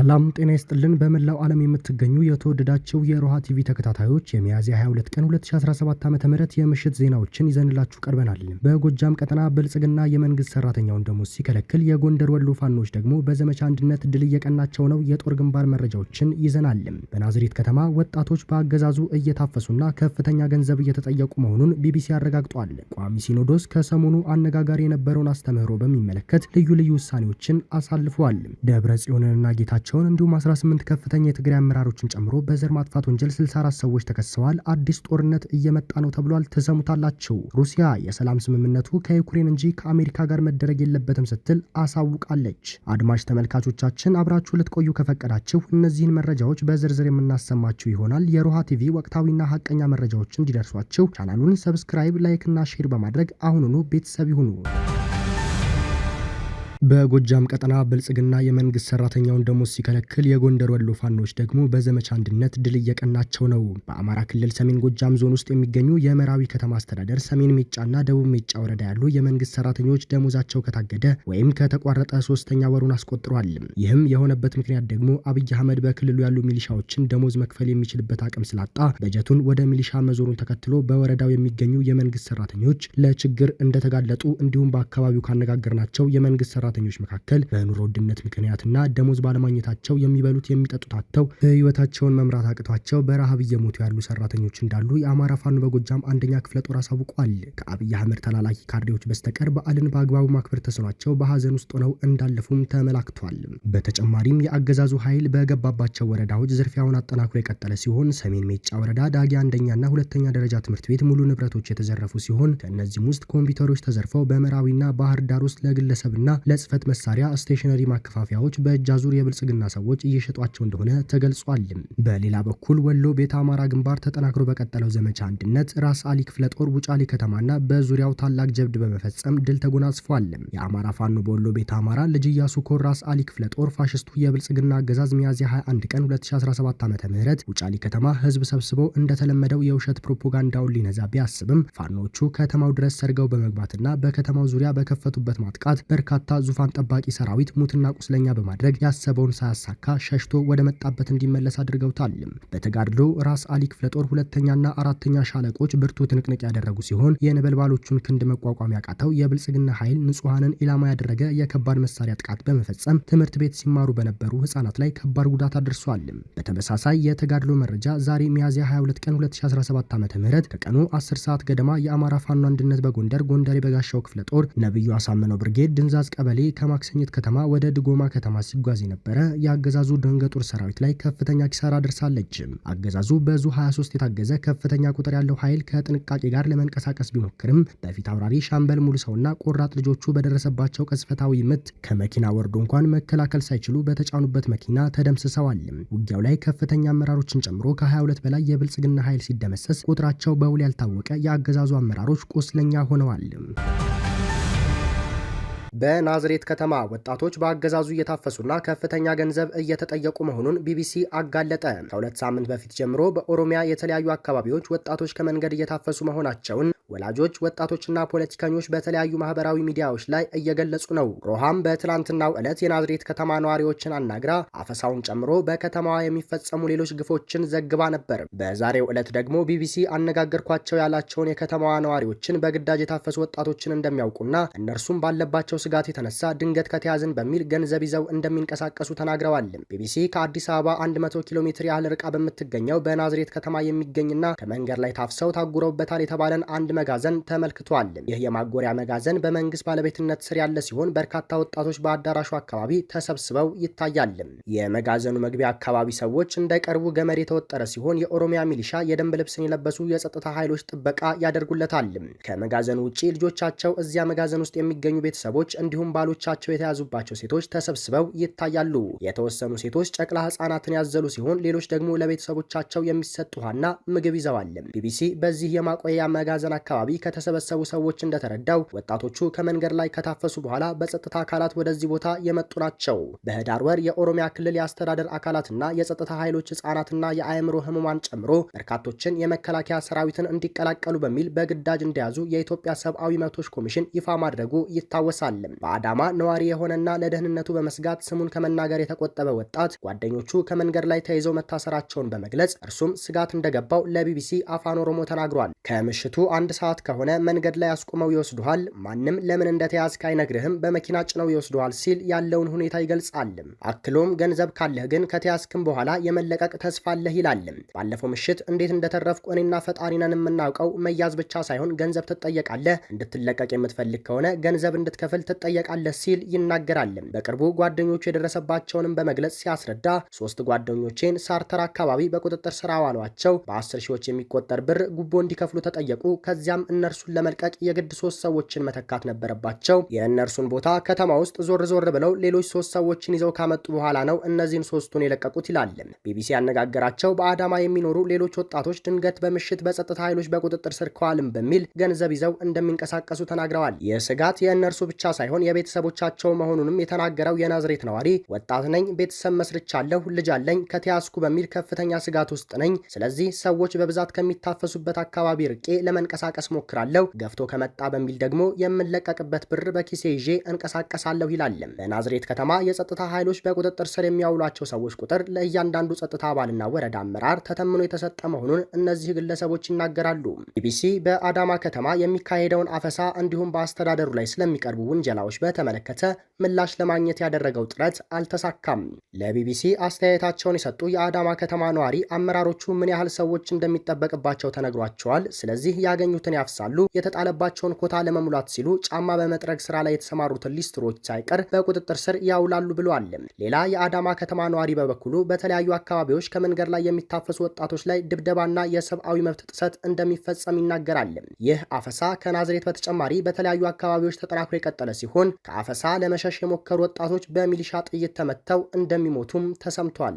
ሰላም ጤና ይስጥልን። በመላው ዓለም የምትገኙ የተወደዳቸው የሮሃ ቲቪ ተከታታዮች የሚያዝያ 22 ቀን 2017 ዓ ም የምሽት ዜናዎችን ይዘንላችሁ ቀርበናል። በጎጃም ቀጠና ብልጽግና የመንግስት ሰራተኛውን ደሞዝ ሲከለክል፣ የጎንደር ወሎ ፋኖች ደግሞ በዘመቻ አንድነት ድል እየቀናቸው ነው። የጦር ግንባር መረጃዎችን ይዘናል። በናዝሬት ከተማ ወጣቶች በአገዛዙ እየታፈሱና ከፍተኛ ገንዘብ እየተጠየቁ መሆኑን ቢቢሲ አረጋግጧል። ቋሚ ሲኖዶስ ከሰሞኑ አነጋጋሪ የነበረውን አስተምህሮ በሚመለከት ልዩ ልዩ ውሳኔዎችን አሳልፈዋል። ደብረ ጽዮንንና ጌታቸው መያዛቸውን እንዲሁም 18 ከፍተኛ የትግራይ አመራሮችን ጨምሮ በዘር ማጥፋት ወንጀል 64 ሰዎች ተከስሰዋል። አዲስ ጦርነት እየመጣ ነው ተብሏል። ትሰሙታላቸው። ሩሲያ የሰላም ስምምነቱ ከዩክሬን እንጂ ከአሜሪካ ጋር መደረግ የለበትም ስትል አሳውቃለች። አድማጭ ተመልካቾቻችን አብራችሁ ልትቆዩ ከፈቀዳችሁ እነዚህን መረጃዎች በዝርዝር የምናሰማችሁ ይሆናል። የሮሃ ቲቪ ወቅታዊና ሀቀኛ መረጃዎች እንዲደርሷችሁ ቻናሉን ሰብስክራይብ፣ ላይክ እና ሼር በማድረግ አሁኑኑ ቤተሰብ ይሁኑ። በጎጃም ቀጠና ብልጽግና የመንግስት ሰራተኛውን ደሞዝ ሲከለክል የጎንደር ወሎ ፋኖች ደግሞ በዘመቻ አንድነት ድል እየቀናቸው ነው። በአማራ ክልል ሰሜን ጎጃም ዞን ውስጥ የሚገኙ የመራዊ ከተማ አስተዳደር ሰሜን ሜጫና ደቡብ ሜጫ ወረዳ ያሉ የመንግስት ሰራተኞች ደሞዛቸው ከታገደ ወይም ከተቋረጠ ሶስተኛ ወሩን አስቆጥሯል። ይህም የሆነበት ምክንያት ደግሞ አብይ አህመድ በክልሉ ያሉ ሚሊሻዎችን ደሞዝ መክፈል የሚችልበት አቅም ስላጣ በጀቱን ወደ ሚሊሻ መዞሩን ተከትሎ በወረዳው የሚገኙ የመንግስት ሰራተኞች ለችግር እንደተጋለጡ እንዲሁም በአካባቢው ካነጋገርናቸው የመንግስት ሰራ ሰራተኞች መካከል በኑሮ ውድነት ምክንያትና ደሞዝ ባለማግኘታቸው የሚበሉት የሚጠጡት አጥተው ህይወታቸውን መምራት አቅቷቸው በረሃብ እየሞቱ ያሉ ሰራተኞች እንዳሉ የአማራ ፋኖ በጎጃም አንደኛ ክፍለ ጦር አሳውቋል። ከአብይ አህመድ ተላላኪ ካድሬዎች በስተቀር በዓልን በአግባቡ ማክበር ተስኗቸው በሀዘን ውስጥ ሆነው እንዳለፉም ተመላክቷል። በተጨማሪም የአገዛዙ ኃይል በገባባቸው ወረዳዎች ዝርፊያውን አጠናክሮ የቀጠለ ሲሆን ሰሜን ሜጫ ወረዳ ዳጊ አንደኛና ሁለተኛ ደረጃ ትምህርት ቤት ሙሉ ንብረቶች የተዘረፉ ሲሆን ከእነዚህም ውስጥ ኮምፒውተሮች ተዘርፈው በመራዊና ባህር ዳር ውስጥ ለግለሰብና የጽህፈት መሳሪያ ስቴሽነሪ ማከፋፈያዎች በእጅ አዙር የብልጽግና ሰዎች እየሸጧቸው እንደሆነ ተገልጿል። በሌላ በኩል ወሎ ቤተ አማራ ግንባር ተጠናክሮ በቀጠለው ዘመቻ አንድነት ራስ አሊ ክፍለ ጦር ውጫሌ ከተማና በዙሪያው ታላቅ ጀብድ በመፈጸም ድል ተጎናጽፏል። የአማራ ፋኖ በወሎ ቤተ አማራ ልጅ ኢያሱ ኮር ራስ አሊ ክፍለ ጦር ፋሽስቱ የብልጽግና አገዛዝ ሚያዝያ 21 ቀን 2017 ዓ.ም ውጫሌ ከተማ ህዝብ ሰብስበው እንደተለመደው የውሸት ፕሮፓጋንዳውን ሊነዛ ቢያስብም ፋኖቹ ከተማው ድረስ ሰርገው በመግባትና በከተማው ዙሪያ በከፈቱበት ማጥቃት በርካታ ዙፋን ጠባቂ ሰራዊት ሙትና ቁስለኛ በማድረግ ያሰበውን ሳያሳካ ሸሽቶ ወደ መጣበት እንዲመለስ አድርገውታል። በተጋድሎ ራስ አሊ ክፍለ ጦር ሁለተኛና አራተኛ ሻለቆች ብርቱ ትንቅንቅ ያደረጉ ሲሆን የነበልባሎቹን ክንድ መቋቋም ያቃተው የብልጽግና ኃይል ንጹሐንን ኢላማ ያደረገ የከባድ መሳሪያ ጥቃት በመፈጸም ትምህርት ቤት ሲማሩ በነበሩ ህጻናት ላይ ከባድ ጉዳት አድርሷል። በተመሳሳይ የተጋድሎ መረጃ ዛሬ ሚያዝያ 22 ቀን 2017 ዓ ም ከቀኑ 10 ሰዓት ገደማ የአማራ ፋኖ አንድነት በጎንደር ጎንደር የበጋሻው ክፍለ ጦር ነብዩ አሳምነው ብርጌድ ድንዛዝ ቀበሌ አያሌ ከማክሰኝት ከተማ ወደ ድጎማ ከተማ ሲጓዝ የነበረ የአገዛዙ ደንገጡር ሰራዊት ላይ ከፍተኛ ኪሳራ ደርሳለች። አገዛዙ በዙ 23 የታገዘ ከፍተኛ ቁጥር ያለው ኃይል ከጥንቃቄ ጋር ለመንቀሳቀስ ቢሞክርም በፊት አውራሪ ሻምበል ሙሉ ሰውና ቆራጥ ልጆቹ በደረሰባቸው ቅጽበታዊ ምት ከመኪና ወርዶ እንኳን መከላከል ሳይችሉ በተጫኑበት መኪና ተደምስሰዋል። ውጊያው ላይ ከፍተኛ አመራሮችን ጨምሮ ከ22 በላይ የብልጽግና ኃይል ሲደመሰስ ቁጥራቸው በውል ያልታወቀ የአገዛዙ አመራሮች ቁስለኛ ሆነዋል። በናዝሬት ከተማ ወጣቶች በአገዛዙ እየታፈሱና ከፍተኛ ገንዘብ እየተጠየቁ መሆኑን ቢቢሲ አጋለጠ። ከሁለት ሳምንት በፊት ጀምሮ በኦሮሚያ የተለያዩ አካባቢዎች ወጣቶች ከመንገድ እየታፈሱ መሆናቸውን ወላጆች፣ ወጣቶችና ፖለቲከኞች በተለያዩ ማህበራዊ ሚዲያዎች ላይ እየገለጹ ነው። ሮሃም በትላንትናው ዕለት የናዝሬት ከተማ ነዋሪዎችን አናግራ አፈሳውን ጨምሮ በከተማዋ የሚፈጸሙ ሌሎች ግፎችን ዘግባ ነበር። በዛሬው ዕለት ደግሞ ቢቢሲ አነጋገርኳቸው ያላቸውን የከተማዋ ነዋሪዎችን በግዳጅ የታፈሱ ወጣቶችን እንደሚያውቁና እነርሱም ባለባቸው ስጋት የተነሳ ድንገት ከተያዝን በሚል ገንዘብ ይዘው እንደሚንቀሳቀሱ ተናግረዋል። ቢቢሲ ከአዲስ አበባ 100 ኪሎ ሜትር ያህል ርቃ በምትገኘው በናዝሬት ከተማ የሚገኝና ከመንገድ ላይ ታፍሰው ታጉረውበታል የተባለን አንድ መጋዘን ተመልክቷል። ይህ የማጎሪያ መጋዘን በመንግስት ባለቤትነት ስር ያለ ሲሆን በርካታ ወጣቶች በአዳራሹ አካባቢ ተሰብስበው ይታያል። የመጋዘኑ መግቢያ አካባቢ ሰዎች እንዳይቀርቡ ገመድ የተወጠረ ሲሆን የኦሮሚያ ሚሊሻ የደንብ ልብስን የለበሱ የጸጥታ ኃይሎች ጥበቃ ያደርጉለታል። ከመጋዘኑ ውጪ ልጆቻቸው እዚያ መጋዘን ውስጥ የሚገኙ ቤተሰቦች እንዲሁም ባሎቻቸው የተያዙባቸው ሴቶች ተሰብስበው ይታያሉ። የተወሰኑ ሴቶች ጨቅላ ህጻናትን ያዘሉ ሲሆን ሌሎች ደግሞ ለቤተሰቦቻቸው የሚሰጥ ውሃና ምግብ ይዘዋል። ቢቢሲ በዚህ የማቆያ መጋዘን አካባቢ ከተሰበሰቡ ሰዎች እንደተረዳው ወጣቶቹ ከመንገድ ላይ ከታፈሱ በኋላ በጸጥታ አካላት ወደዚህ ቦታ የመጡ ናቸው። በህዳር ወር የኦሮሚያ ክልል የአስተዳደር አካላትና የጸጥታ ኃይሎች ህጻናትና የአእምሮ ህሙማን ጨምሮ በርካቶችን የመከላከያ ሰራዊትን እንዲቀላቀሉ በሚል በግዳጅ እንደያዙ የኢትዮጵያ ሰብአዊ መብቶች ኮሚሽን ይፋ ማድረጉ ይታወሳል። በአዳማ ነዋሪ የሆነና ለደህንነቱ በመስጋት ስሙን ከመናገር የተቆጠበ ወጣት ጓደኞቹ ከመንገድ ላይ ተይዘው መታሰራቸውን በመግለጽ እርሱም ስጋት እንደገባው ለቢቢሲ አፋን ኦሮሞ ተናግሯል። ከምሽቱ አንድ ሰዓት ከሆነ መንገድ ላይ አስቁመው ይወስዱሃል። ማንም ለምን እንደተያዝክ አይነግርህም። በመኪና ጭነው ይወስዱሃል ሲል ያለውን ሁኔታ ይገልጻልም። አክሎም ገንዘብ ካለህ ግን ከተያዝክም በኋላ የመለቀቅ ተስፋ አለህ ይላልም። ባለፈው ምሽት እንዴት እንደተረፍኩ እኔና ፈጣሪ ነን የምናውቀው። መያዝ ብቻ ሳይሆን ገንዘብ ትጠየቃለህ። እንድትለቀቅ የምትፈልግ ከሆነ ገንዘብ እንድትከፍል ትጠየቃለህ ሲል ይናገራልም። በቅርቡ ጓደኞቹ የደረሰባቸውንም በመግለጽ ሲያስረዳ ሶስት ጓደኞቼን ሳርተር አካባቢ በቁጥጥር ስር አዋሏቸው። በአስር ሺዎች የሚቆጠር ብር ጉቦ እንዲከፍሉ ተጠየቁ። ከዚያ ከዚያም እነርሱን ለመልቀቅ የግድ ሶስት ሰዎችን መተካት ነበረባቸው። የእነርሱን ቦታ ከተማ ውስጥ ዞር ዞር ብለው ሌሎች ሶስት ሰዎችን ይዘው ካመጡ በኋላ ነው እነዚህን ሶስቱን የለቀቁት ይላል ቢቢሲ ያነጋገራቸው በአዳማ የሚኖሩ ሌሎች ወጣቶች ድንገት በምሽት በጸጥታ ኃይሎች በቁጥጥር ስር ከዋልም በሚል ገንዘብ ይዘው እንደሚንቀሳቀሱ ተናግረዋል። ይህ ስጋት የእነርሱ ብቻ ሳይሆን የቤተሰቦቻቸው መሆኑንም የተናገረው የናዝሬት ነዋሪ ወጣት ነኝ፣ ቤተሰብ መስርቻለሁ፣ ልጅ አለኝ፣ ከተያዝኩ በሚል ከፍተኛ ስጋት ውስጥ ነኝ። ስለዚህ ሰዎች በብዛት ከሚታፈሱበት አካባቢ ርቄ ለመንቀሳቀስ ለመንቀሳቀስ ሞክራለሁ፣ ገፍቶ ከመጣ በሚል ደግሞ የምንለቀቅበት ብር በኪሴ ይዤ እንቀሳቀሳለሁ ይላልም። በናዝሬት ከተማ የጸጥታ ኃይሎች በቁጥጥር ስር የሚያውሏቸው ሰዎች ቁጥር ለእያንዳንዱ ጸጥታ አባልና ወረዳ አመራር ተተምኖ የተሰጠ መሆኑን እነዚህ ግለሰቦች ይናገራሉ። ቢቢሲ በአዳማ ከተማ የሚካሄደውን አፈሳ እንዲሁም በአስተዳደሩ ላይ ስለሚቀርቡ ውንጀላዎች በተመለከተ ምላሽ ለማግኘት ያደረገው ጥረት አልተሳካም። ለቢቢሲ አስተያየታቸውን የሰጡ የአዳማ ከተማ ነዋሪ አመራሮቹ ምን ያህል ሰዎች እንደሚጠበቅባቸው ተነግሯቸዋል፣ ስለዚህ ያገኙ ያገኙትን ያፍሳሉ። የተጣለባቸውን ኮታ ለመሙላት ሲሉ ጫማ በመጥረግ ስራ ላይ የተሰማሩትን ሊስትሮች ሳይቀር በቁጥጥር ስር ያውላሉ ብለዋል። ሌላ የአዳማ ከተማ ነዋሪ በበኩሉ በተለያዩ አካባቢዎች ከመንገድ ላይ የሚታፈሱ ወጣቶች ላይ ድብደባና የሰብአዊ መብት ጥሰት እንደሚፈጸም ይናገራል። ይህ አፈሳ ከናዝሬት በተጨማሪ በተለያዩ አካባቢዎች ተጠናክሮ የቀጠለ ሲሆን ከአፈሳ ለመሸሽ የሞከሩ ወጣቶች በሚሊሻ ጥይት ተመተው እንደሚሞቱም ተሰምቷል።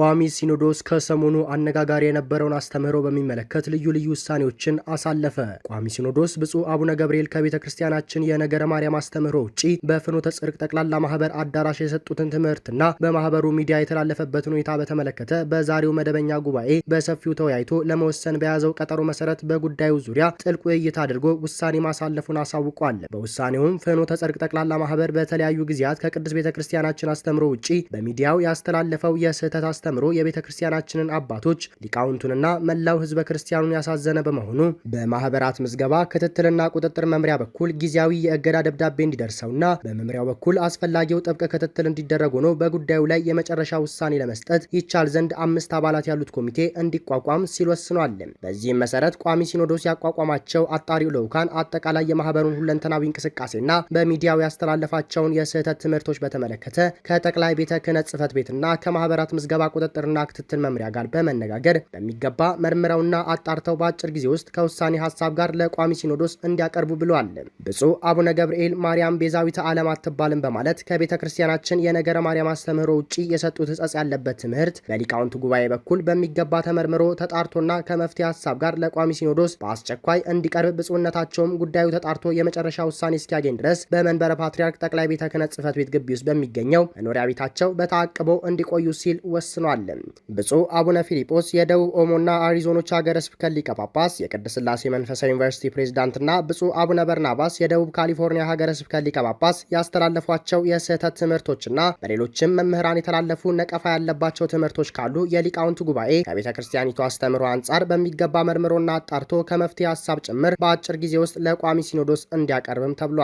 ቋሚ ሲኖዶስ ከሰሞኑ አነጋጋሪ የነበረውን አስተምህሮ በሚመለከት ልዩ ልዩ ውሳኔዎችን አሳለፈ። ቋሚ ሲኖዶስ ብፁዕ አቡነ ገብርኤል ከቤተ ክርስቲያናችን የነገረ ማርያም አስተምህሮ ውጪ በፍኖተ ጽድቅ ጠቅላላ ማህበር አዳራሽ የሰጡትን ትምህርትና በማህበሩ ሚዲያ የተላለፈበትን ሁኔታ በተመለከተ በዛሬው መደበኛ ጉባኤ በሰፊው ተወያይቶ ለመወሰን በያዘው ቀጠሮ መሰረት በጉዳዩ ዙሪያ ጥልቅ ውይይት አድርጎ ውሳኔ ማሳለፉን አሳውቋል። በውሳኔውም ፍኖተ ጽድቅ ጠቅላላ ማህበር በተለያዩ ጊዜያት ከቅዱስ ቤተ ክርስቲያናችን አስተምህሮ ውጪ በሚዲያው ያስተላለፈው የስህተት አስተምሮ የቤተ ክርስቲያናችንን አባቶች ሊቃውንቱንና መላው ህዝበ ክርስቲያኑን ያሳዘነ በመሆኑ በማህበራት ምዝገባ ክትትልና ቁጥጥር መምሪያ በኩል ጊዜያዊ የእገዳ ደብዳቤ እንዲደርሰውና በመምሪያው በኩል አስፈላጊው ጥብቅ ክትትል እንዲደረግ ሆኖ በጉዳዩ ላይ የመጨረሻ ውሳኔ ለመስጠት ይቻል ዘንድ አምስት አባላት ያሉት ኮሚቴ እንዲቋቋም ሲል ወስኗል። በዚህም መሰረት ቋሚ ሲኖዶስ ያቋቋማቸው አጣሪው ልዑካን አጠቃላይ የማህበሩን ሁለንተናዊ እንቅስቃሴና በሚዲያው ያስተላለፋቸውን የስህተት ትምህርቶች በተመለከተ ከጠቅላይ ቤተ ክህነት ጽህፈት ቤትና ከማህበራት ምዝገባ ቁጥጥርና ክትትል መምሪያ ጋር በመነጋገር በሚገባ መርምረውና አጣርተው በአጭር ጊዜ ውስጥ ከውሳኔ ሀሳብ ጋር ለቋሚ ሲኖዶስ እንዲያቀርቡ ብለዋል። ብፁዕ አቡነ ገብርኤል ማርያም ቤዛዊተ ዓለም አትባልም በማለት ከቤተ ክርስቲያናችን የነገረ ማርያም አስተምህሮ ውጭ የሰጡት ሕጸጽ ያለበት ትምህርት በሊቃውንት ጉባኤ በኩል በሚገባ ተመርምሮ ተጣርቶና ከመፍትሄ ሀሳብ ጋር ለቋሚ ሲኖዶስ በአስቸኳይ እንዲቀርብ ብፁዕነታቸውም ጉዳዩ ተጣርቶ የመጨረሻ ውሳኔ እስኪያገኝ ድረስ በመንበረ ፓትርያርክ ጠቅላይ ቤተ ክህነት ጽሕፈት ቤት ግቢ ውስጥ በሚገኘው መኖሪያ ቤታቸው በተአቅቦ እንዲቆዩ ሲል ወስኗል። ተማጽኗል። ብፁዕ አቡነ ፊሊጶስ የደቡብ ኦሞና አሪዞኖች ሀገረ ስብከት ሊቀ ጳጳስ፣ የቅድስት ሥላሴ መንፈሳዊ ዩኒቨርሲቲ ፕሬዝዳንትና ብፁዕ አቡነ በርናባስ የደቡብ ካሊፎርኒያ ሀገረ ስብከት ሊቀ ጳጳስ ያስተላለፏቸው የስህተት ትምህርቶችና በሌሎችም መምህራን የተላለፉ ነቀፋ ያለባቸው ትምህርቶች ካሉ የሊቃውንቱ ጉባኤ ከቤተ ክርስቲያኒቱ አስተምህሮ አንጻር በሚገባ መርምሮና አጣርቶ ከመፍትሄ ሀሳብ ጭምር በአጭር ጊዜ ውስጥ ለቋሚ ሲኖዶስ እንዲያቀርብም ተብሏል።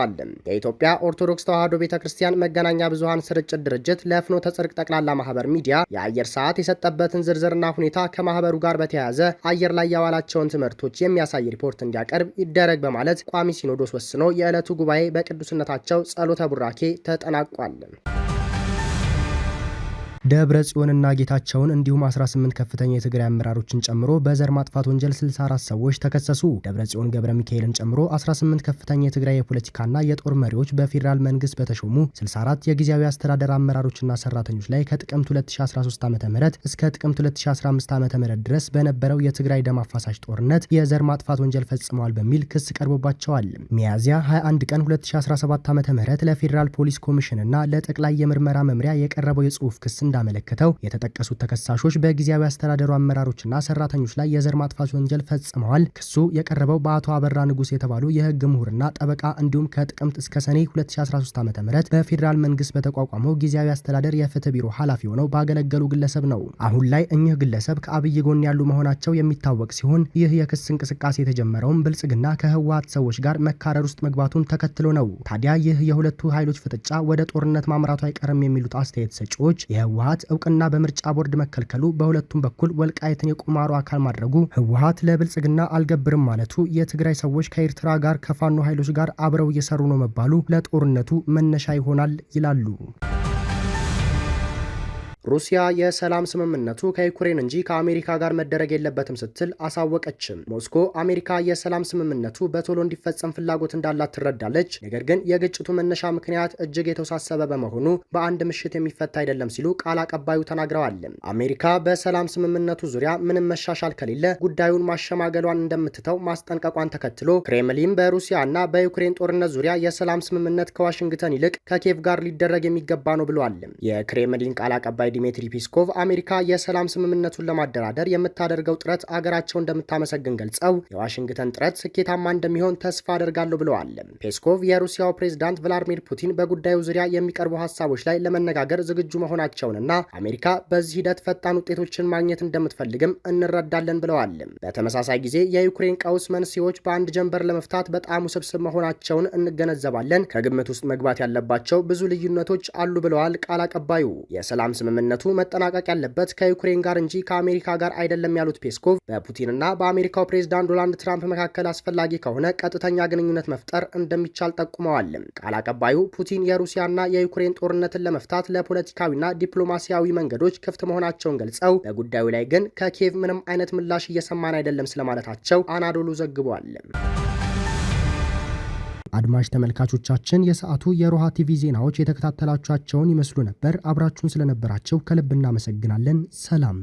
የኢትዮጵያ ኦርቶዶክስ ተዋሕዶ ቤተ ክርስቲያን መገናኛ ብዙሀን ስርጭት ድርጅት ለፍኖተ ጽድቅ ጠቅላላ ማህበር ሚዲያ የአየር ሰዓት የሰጠበትን ዝርዝርና ሁኔታ ከማህበሩ ጋር በተያያዘ አየር ላይ ያዋላቸውን ትምህርቶች የሚያሳይ ሪፖርት እንዲያቀርብ ይደረግ በማለት ቋሚ ሲኖዶስ ወስኖ የዕለቱ ጉባኤ በቅዱስነታቸው ጸሎተ ቡራኬ ተጠናቋል። ደብረ ጽዮንና ጌታቸውን እንዲሁም 18 ከፍተኛ የትግራይ አመራሮችን ጨምሮ በዘር ማጥፋት ወንጀል 64 ሰዎች ተከሰሱ። ደብረ ጽዮን ገብረ ሚካኤልን ጨምሮ 18 ከፍተኛ የትግራይ የፖለቲካና የጦር መሪዎች በፌዴራል መንግስት በተሾሙ 64 የጊዜያዊ አስተዳደር አመራሮችና ሰራተኞች ላይ ከጥቅምት 2013 ዓ ም እስከ ጥቅምት 2015 ዓ ም ድረስ በነበረው የትግራይ ደም አፋሳሽ ጦርነት የዘር ማጥፋት ወንጀል ፈጽመዋል በሚል ክስ ቀርቦባቸዋል። ሚያዝያ 21 ቀን 2017 ዓ ም ለፌዴራል ፖሊስ ኮሚሽንና ለጠቅላይ የምርመራ መምሪያ የቀረበው የጽሁፍ ክስ እንዳመለከተው የተጠቀሱት ተከሳሾች በጊዜያዊ አስተዳደሩ አመራሮችና ሰራተኞች ላይ የዘር ማጥፋት ወንጀል ፈጽመዋል። ክሱ የቀረበው በአቶ አበራ ንጉስ የተባሉ የህግ ምሁርና ጠበቃ እንዲሁም ከጥቅምት እስከ ሰኔ 2013 ዓ ም በፌዴራል መንግስት በተቋቋመው ጊዜያዊ አስተዳደር የፍትህ ቢሮ ኃላፊ ሆነው ባገለገሉ ግለሰብ ነው። አሁን ላይ እኚህ ግለሰብ ከአብይ ጎን ያሉ መሆናቸው የሚታወቅ ሲሆን ይህ የክስ እንቅስቃሴ የተጀመረውም ብልጽግና ከህወሀት ሰዎች ጋር መካረር ውስጥ መግባቱን ተከትሎ ነው። ታዲያ ይህ የሁለቱ ኃይሎች ፍጥጫ ወደ ጦርነት ማምራቱ አይቀርም የሚሉት አስተያየት ሰጪዎች የህወ ህወሀት እውቅና በምርጫ ቦርድ መከልከሉ፣ በሁለቱም በኩል ወልቃይትን የቁማሩ አካል ማድረጉ፣ ህወሀት ለብልጽግና አልገብርም ማለቱ፣ የትግራይ ሰዎች ከኤርትራ ጋር ከፋኖ ኃይሎች ጋር አብረው እየሰሩ ነው መባሉ ለጦርነቱ መነሻ ይሆናል ይላሉ። ሩሲያ የሰላም ስምምነቱ ከዩክሬን እንጂ ከአሜሪካ ጋር መደረግ የለበትም ስትል አሳወቀችም። ሞስኮ አሜሪካ የሰላም ስምምነቱ በቶሎ እንዲፈጸም ፍላጎት እንዳላት ትረዳለች፣ ነገር ግን የግጭቱ መነሻ ምክንያት እጅግ የተወሳሰበ በመሆኑ በአንድ ምሽት የሚፈታ አይደለም ሲሉ ቃል አቀባዩ ተናግረዋል። አሜሪካ በሰላም ስምምነቱ ዙሪያ ምንም መሻሻል ከሌለ ጉዳዩን ማሸማገሏን እንደምትተው ማስጠንቀቋን ተከትሎ ክሬምሊን በሩሲያ እና በዩክሬን ጦርነት ዙሪያ የሰላም ስምምነት ከዋሽንግተን ይልቅ ከኬቭ ጋር ሊደረግ የሚገባ ነው ብለዋል። የክሬምሊን ቃል አቀባይ ዲሜትሪ ፔስኮቭ አሜሪካ የሰላም ስምምነቱን ለማደራደር የምታደርገው ጥረት አገራቸው እንደምታመሰግን ገልጸው የዋሽንግተን ጥረት ስኬታማ እንደሚሆን ተስፋ አደርጋለሁ ብለዋል። ፔስኮቭ የሩሲያው ፕሬዝዳንት ቭላዲሚር ፑቲን በጉዳዩ ዙሪያ የሚቀርቡ ሀሳቦች ላይ ለመነጋገር ዝግጁ መሆናቸውንና አሜሪካ በዚህ ሂደት ፈጣን ውጤቶችን ማግኘት እንደምትፈልግም እንረዳለን ብለዋል። በተመሳሳይ ጊዜ የዩክሬን ቀውስ መንስኤዎች በአንድ ጀንበር ለመፍታት በጣም ውስብስብ መሆናቸውን እንገነዘባለን፣ ከግምት ውስጥ መግባት ያለባቸው ብዙ ልዩነቶች አሉ ብለዋል ቃል አቀባዩ የሰላም ስምምነት ስምምነቱ መጠናቀቅ ያለበት ከዩክሬን ጋር እንጂ ከአሜሪካ ጋር አይደለም ያሉት ፔስኮቭ በፑቲንና በአሜሪካው ፕሬዝዳንት ዶናልድ ትራምፕ መካከል አስፈላጊ ከሆነ ቀጥተኛ ግንኙነት መፍጠር እንደሚቻል ጠቁመዋል። ቃል አቀባዩ ፑቲን የሩሲያና የዩክሬን ጦርነትን ለመፍታት ለፖለቲካዊና ዲፕሎማሲያዊ መንገዶች ክፍት መሆናቸውን ገልጸው በጉዳዩ ላይ ግን ከኪየቭ ምንም አይነት ምላሽ እየሰማን አይደለም ስለማለታቸው አናዶሉ ዘግቧል። አድማጭ ተመልካቾቻችን የሰዓቱ የሮሃ ቲቪ ዜናዎች የተከታተላችኋቸውን ይመስሉ ነበር። አብራችሁን ስለነበራቸው ከልብ እናመሰግናለን። ሰላም